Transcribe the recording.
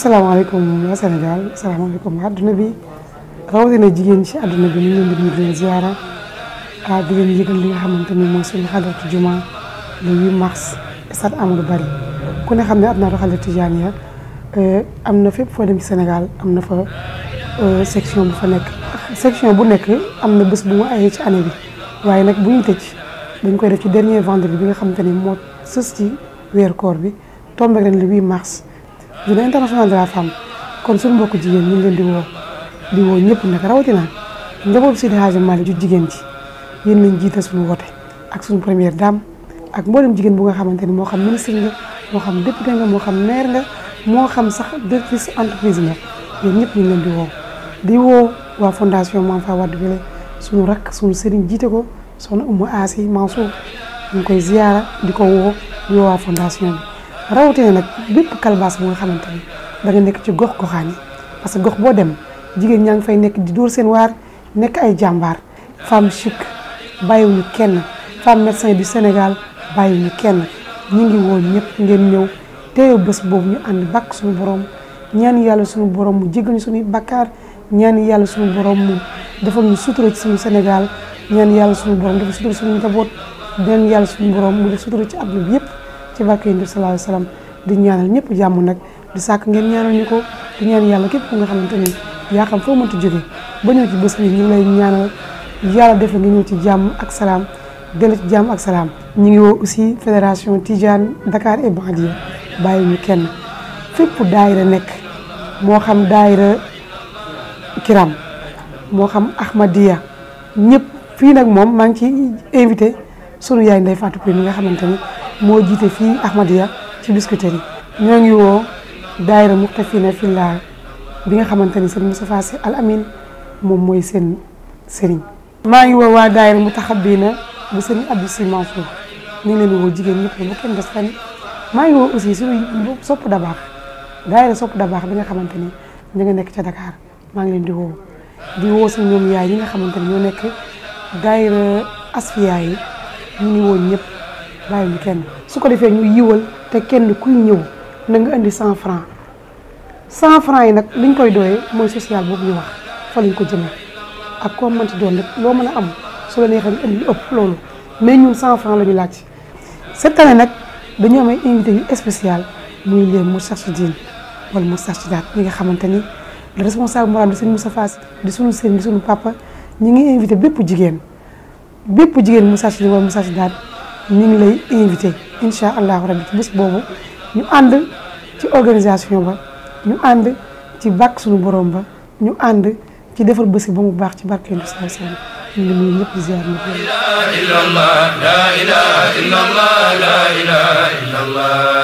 السلام عليكم يا سنغال السلام عليكم عبد النبي رودينا جيجين شي عبد النبي ني ندير لي زياره ا دي ني يغل لي خامتاني مو سول حضره الجمعه لي مارس استاد امور باري كون خامني ادنا دخل تجانيا ا امنا فيب فو دمي سنغال امنا فا ا سيكسيون بو فا نيك سيكسيون بو نيك امنا بس بو اي سي اني بي واي نك بو ني تيج دنج كوي فاندري بيغا خامتاني مو سوستي وير كور بي تومبي لين مارس journée internationale de la femme kon suñu mbokku jigéen ñu ngi leen di woo di woo ñëpp nag rawatina njabootu Seydi Hadji Malick ju jigéen ji yéen lañ jiite suñu woote ak suñu première dame ak mboolem jigéen bu nga xamante ni moo xam ministre nga moo xam député nga moo xam maire nga moo xam sax directrice entreprise nga ñëpp ñu ngi leen di woo di waa fondation Mame Faye Wade Wele suñu rakk suñu sëriñ jiite ko soxna Umu Asi Mansour ñu ngi koy ziyaara di ko woo di woo waa fondation rawatina nag bépp kalbaas bu nga xamante da nga nek ci gox goxaan yi parce que gox bo dem jigen ñang fay nek di dur seen war nek ay jambar fam chic bàyyiwuñu kenn fam médecin du Sénégal bàyyiwuñu kenn ñi ngi wo ñep ngeen ñew teew bëss bobu ñu and bak suñu borom ñaan yalla suñu borom mu jéggal ñu suñuy bakkaar ñaan yalla suñu borom mu defal ñu sutura ci suñu Sénégal ñaan yalla suñu borom di sutura suñu njaboot ñaan yalla suñu borom mu def sutura ci àdduna yépp ci barke ndir sallallahu alayhi wasallam di ñaanal ñepp jamm nak di sak ngeen ñaanal ñuko di ñaan yalla kepp ku nga xamanteni ya xam fo mënta jóge ba ñu ci bëss bi ñu lay ñaanal yalla def nga ñu ci jamm ak salam del ci jamm ak salam ñi ngi wo aussi fédération Tidiane Dakar et banlieue bayu ñu kenn fepp daayira nek mo xam daayira kiram mo xam ahmadiya ñepp fi nak mom ma ngi ci inviter sunu yaay ndey Fatou pri mi nga xamanteni moo jiite fii Ahmadiyya ci Biscuiterie yi ñoo ngi woo daayira Muqtafina Fillah bi nga xamante ni sëñ Moustapha Al Amin moom mooy seen sëriñ maa ngi woo waa daayira Mutahabina bu sëriñ Abdou Sy Mansour ñu ngi leen di woo jigéen ñëpp bu kenn des fenn maa ngi woo aussi suñu sopp dabaax daayira sopp dabaax bi nga xamante ni ñu nga nekk ca Dakar maa ngi leen di woo di woo si ñoom yaay yi nga xamante ni ñoo nekk daayira asfiya yi ñu ngi woo ñëpp bàyyi ñu kenn su ko defee ñu yiwal te kenn kuy ñëw na nga indi cent franc cent franc yi nag liñ koy dooyee mooy social boobu ñu wax fa lañ ko jëmee ak koo mënti doon rek loo mën a am su la neexee nga indi ëpp loolu mais ñun cent franc la ñu laaj. cette année nag dañu am ay invité yu spécial muy les Moustarchidine wala Moustarchidaat ñi nga xamante ni le responsable moral di suñu Moustapha fas di suñu sëriñ di suñu papa ñi ngi invité bépp jigéen bépp jigéen Moustarchidine wala Moustarchidaat ñu ngi lay invité incha allahu rabbi ci bés boobu ñu ànd ci organisation ba ñu ànd ci bàkk suñu borom ba ñu ànd ci defar bés ba mu baax ci barke Yonent bi sallallahu alayhi wa sallam ñu ngi di ziar ñëpp. la ilaha illallah la